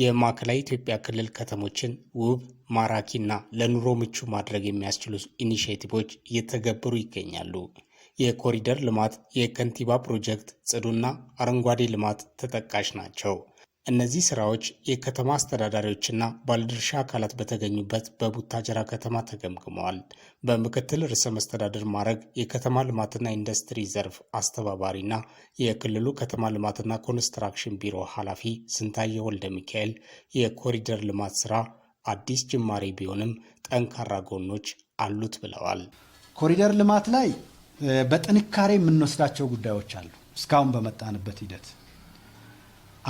የማዕከላዊ ኢትዮጵያ ክልል ከተሞችን ውብ ማራኪና ለኑሮ ምቹ ማድረግ የሚያስችሉ ኢኒሽቲቮች እየተገበሩ ይገኛሉ። የኮሪደር ልማት፣ የከንቲባ ፕሮጀክት፣ ጽዱና አረንጓዴ ልማት ተጠቃሽ ናቸው። እነዚህ ስራዎች የከተማ አስተዳዳሪዎችና ባለድርሻ አካላት በተገኙበት በቡታጀራ ከተማ ተገምግመዋል። በምክትል ርዕሰ መስተዳድር ማዕረግ የከተማ ልማትና ኢንዱስትሪ ዘርፍ አስተባባሪና የክልሉ ከተማ ልማትና ኮንስትራክሽን ቢሮ ኃላፊ ስንታየ ወልደ ሚካኤል የኮሪደር ልማት ስራ አዲስ ጅማሬ ቢሆንም ጠንካራ ጎኖች አሉት ብለዋል። ኮሪደር ልማት ላይ በጥንካሬ የምንወስዳቸው ጉዳዮች አሉ እስካሁን በመጣንበት ሂደት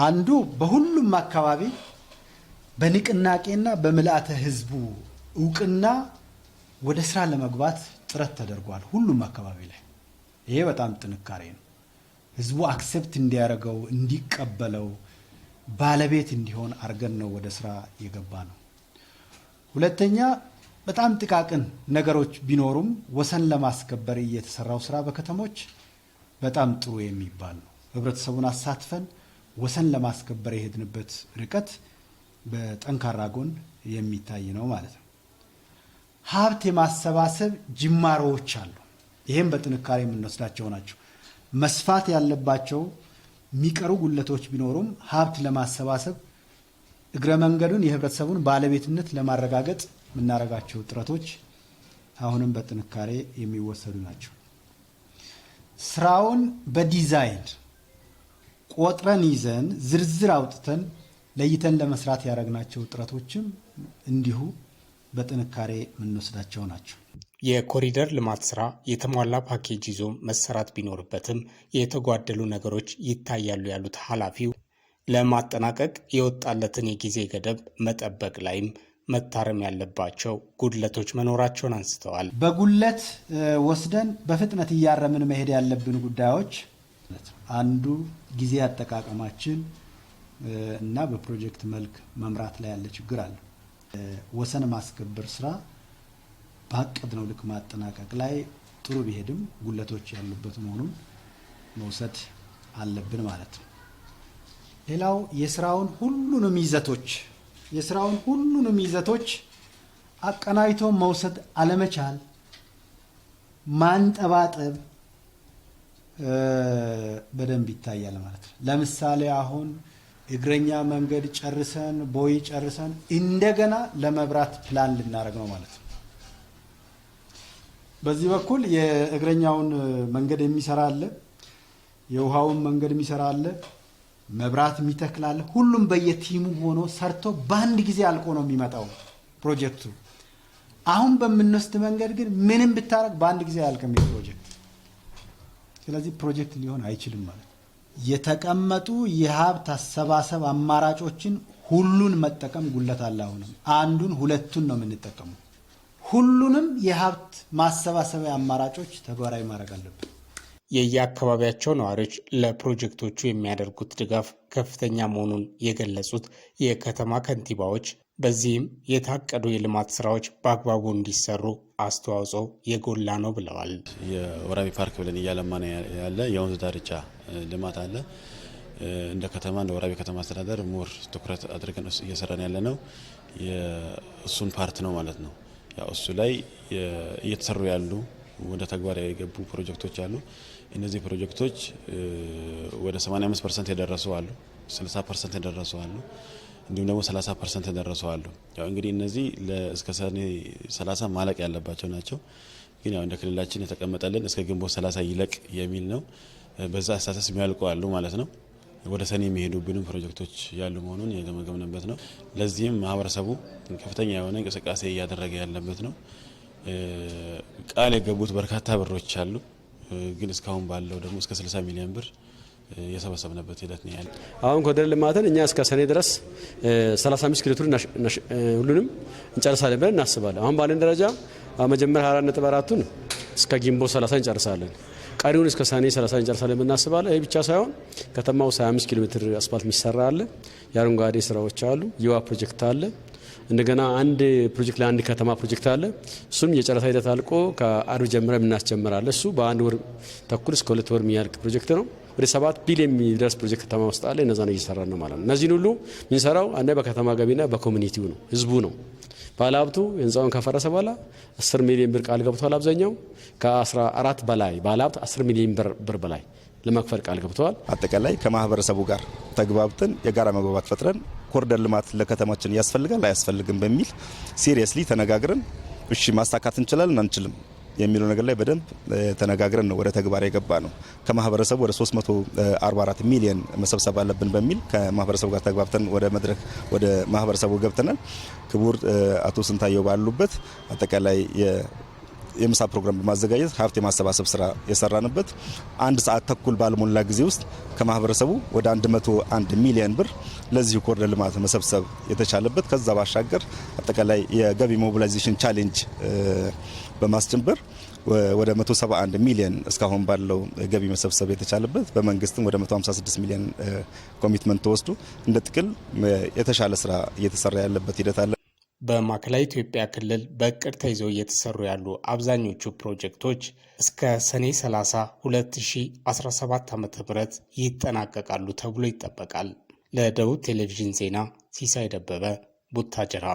አንዱ በሁሉም አካባቢ በንቅናቄና በምልአተ ህዝቡ እውቅና ወደ ስራ ለመግባት ጥረት ተደርጓል። ሁሉም አካባቢ ላይ ይሄ በጣም ጥንካሬ ነው። ህዝቡ አክሴፕት እንዲያደርገው እንዲቀበለው ባለቤት እንዲሆን አድርገን ነው ወደ ስራ የገባ ነው። ሁለተኛ በጣም ጥቃቅን ነገሮች ቢኖሩም ወሰን ለማስከበር እየተሰራው ስራ በከተሞች በጣም ጥሩ የሚባል ነው። ህብረተሰቡን አሳትፈን ወሰን ለማስከበር የሄድንበት ርቀት በጠንካራ ጎን የሚታይ ነው ማለት ነው። ሀብት የማሰባሰብ ጅማሮዎች አሉ። ይህም በጥንካሬ የምንወስዳቸው ናቸው። መስፋት ያለባቸው የሚቀሩ ጉለቶች ቢኖሩም ሀብት ለማሰባሰብ እግረ መንገዱን የህብረተሰቡን ባለቤትነት ለማረጋገጥ የምናደርጋቸው ጥረቶች አሁንም በጥንካሬ የሚወሰዱ ናቸው። ስራውን በዲዛይን ቆጥረን ይዘን ዝርዝር አውጥተን ለይተን ለመስራት ያደረግናቸው ጥረቶችም እንዲሁ በጥንካሬ የምንወስዳቸው ናቸው። የኮሪደር ልማት ስራ የተሟላ ፓኬጅ ይዞ መሰራት ቢኖርበትም የተጓደሉ ነገሮች ይታያሉ ያሉት ኃላፊው ለማጠናቀቅ የወጣለትን የጊዜ ገደብ መጠበቅ ላይም መታረም ያለባቸው ጉድለቶች መኖራቸውን አንስተዋል። በጉለት ወስደን በፍጥነት እያረምን መሄድ ያለብን ጉዳዮች አንዱ ጊዜ አጠቃቀማችን እና በፕሮጀክት መልክ መምራት ላይ ያለ ችግር አለ። ወሰን ማስከበር ስራ ነው ልክ ማጠናቀቅ ላይ ጥሩ ቢሄድም ጉለቶች ያሉበት መሆኑን መውሰድ አለብን ማለት ነው። ሌላው የስራውን ሁሉንም ይዘቶች የስራውን ሁሉንም ይዘቶች አቀናጅቶ መውሰድ አለመቻል፣ ማንጠባጠብ በደንብ ይታያል ማለት ነው። ለምሳሌ አሁን እግረኛ መንገድ ጨርሰን ቦይ ጨርሰን እንደገና ለመብራት ፕላን ልናደርግ ነው ማለት ነው። በዚህ በኩል የእግረኛውን መንገድ የሚሰራ አለ፣ የውሃውን መንገድ የሚሰራ አለ፣ መብራት የሚተክል አለ። ሁሉም በየቲሙ ሆኖ ሰርቶ በአንድ ጊዜ አልቆ ነው የሚመጣው ፕሮጀክቱ። አሁን በምንወስድ መንገድ ግን ምንም ብታደርግ በአንድ ጊዜ አያልቅም ፕሮጀክት ስለዚህ ፕሮጀክት ሊሆን አይችልም ማለት የተቀመጡ የሀብት አሰባሰብ አማራጮችን ሁሉን መጠቀም ጉለት አለ። አሁንም አንዱን ሁለቱን ነው የምንጠቀሙ። ሁሉንም የሀብት ማሰባሰቢያ አማራጮች ተግባራዊ ማድረግ አለብን። የየአካባቢያቸው ነዋሪዎች ለፕሮጀክቶቹ የሚያደርጉት ድጋፍ ከፍተኛ መሆኑን የገለጹት የከተማ ከንቲባዎች በዚህም የታቀዱ የልማት ስራዎች በአግባቡ እንዲሰሩ አስተዋጽኦ የጎላ ነው ብለዋል። የወራቤ ፓርክ ብለን እያለማ ያለ የወንዝ ዳርቻ ልማት አለ። እንደ ከተማ እንደ ወራቤ ከተማ አስተዳደር ሙር ትኩረት አድርገን እየሰራን ያለ ነው። እሱን ፓርት ነው ማለት ነው። ያው እሱ ላይ እየተሰሩ ያሉ ወደ ተግባር የገቡ ፕሮጀክቶች አሉ። እነዚህ ፕሮጀክቶች ወደ 85 ፐርሰንት የደረሱ አሉ፣ 60 ፐርሰንት የደረሱ አሉ። እንዲሁም ደግሞ 30 ፐርሰንት ደረሰዋሉ። ያው እንግዲህ እነዚህ እስከ ሰኔ 30 ማለቅ ያለባቸው ናቸው። ግን ያው እንደ ክልላችን የተቀመጠልን እስከ ግንቦት 30 ይለቅ የሚል ነው። በዛ አሳሰስ የሚያልቁ አሉ ማለት ነው። ወደ ሰኔ የሚሄዱብንም ፕሮጀክቶች ያሉ መሆኑን የገመገምንበት ነው። ለዚህም ማህበረሰቡ ከፍተኛ የሆነ እንቅስቃሴ እያደረገ ያለበት ነው። ቃል የገቡት በርካታ ብሮች አሉ። ግን እስካሁን ባለው ደግሞ እስከ 60 ሚሊዮን ብር የሰበሰብንበት ሂደት ነው ያለ። አሁን ኮሪደር ልማትን እኛ እስከ ሰኔ ድረስ 35 ኪሎ ሜትር ሁሉንም እንጨርሳለን ብለን እናስባለን። አሁን ባለን ደረጃ መጀመሪያ 24 ነጥብ አራቱን እስከ ግንቦት 30 እንጨርሳለን። ቀሪውን እስከ ሰኔ 30 እንጨርሳለን ብለን እናስባለን። ይህ ብቻ ሳይሆን ከተማው 25 ኪሎ ሜትር አስፋልት የሚሰራ አለ። የአረንጓዴ ስራዎች አሉ። የዋ ፕሮጀክት አለ። እንደገና አንድ ፕሮጀክት ለአንድ ከተማ ፕሮጀክት አለ። እሱም የጨረታ ሂደት አልቆ ከአርብ ጀምረን እናስጀምራለን። እሱ በአንድ ወር ተኩል እስከ ሁለት ወር የሚያልቅ ፕሮጀክት ነው። ወደ ሰባት ቢሊዮን የሚደርስ ፕሮጀክት ከተማ ውስጥ አለ። ነው እየሰራ ነው ማለት ነው። እነዚህን ሁሉ የምንሰራው አንዳ በከተማ ገቢና በኮሚኒቲው ነው፣ ህዝቡ ነው። ባለሀብቱ ህንፃውን ከፈረሰ በኋላ 10 ሚሊዮን ብር ቃል ገብቷል። አብዛኛው ከ14 በላይ ባለሀብት 10 ሚሊዮን ብር በላይ ለመክፈል ቃል ገብተዋል። አጠቃላይ ከማህበረሰቡ ጋር ተግባብተን የጋራ መግባባት ፈጥረን ኮሪደር ልማት ለከተማችን ያስፈልጋል አያስፈልግም በሚል ሲሪየስሊ ተነጋግረን እሺ ማሳካት እንችላለን አንችልም የሚለው ነገር ላይ በደንብ ተነጋግረን ነው ወደ ተግባር የገባ ነው። ከማህበረሰቡ ወደ 344 ሚሊዮን መሰብሰብ አለብን በሚል ከማህበረሰቡ ጋር ተግባብተን ወደ መድረክ ወደ ማህበረሰቡ ገብተናል። ክቡር አቶ ስንታየው ባሉበት አጠቃላይ የምሳ ፕሮግራም በማዘጋጀት ሀብት የማሰባሰብ ስራ የሰራንበት አንድ ሰዓት ተኩል ባልሞላ ጊዜ ውስጥ ከማህበረሰቡ ወደ 101 ሚሊዮን ብር ለዚሁ ኮሪደር ልማት መሰብሰብ የተቻለበት ከዛ ባሻገር አጠቃላይ የገቢ ሞቢላይዜሽን ቻሌንጅ በማስጀንበር ወደ 171 ሚሊዮን እስካሁን ባለው ገቢ መሰብሰብ የተቻለበት በመንግስትም ወደ 156 ሚሊዮን ኮሚትመንት ተወስዶ እንደ ጥቅል የተሻለ ስራ እየተሰራ ያለበት ሂደት አለ። በማዕከላዊ ኢትዮጵያ ክልል በእቅድ ተይዘው እየተሰሩ ያሉ አብዛኞቹ ፕሮጀክቶች እስከ ሰኔ 30 2017 ዓ.ም ይጠናቀቃሉ ተብሎ ይጠበቃል። ለደቡብ ቴሌቪዥን ዜና ሲሳይ ደበበ ቡታጀራ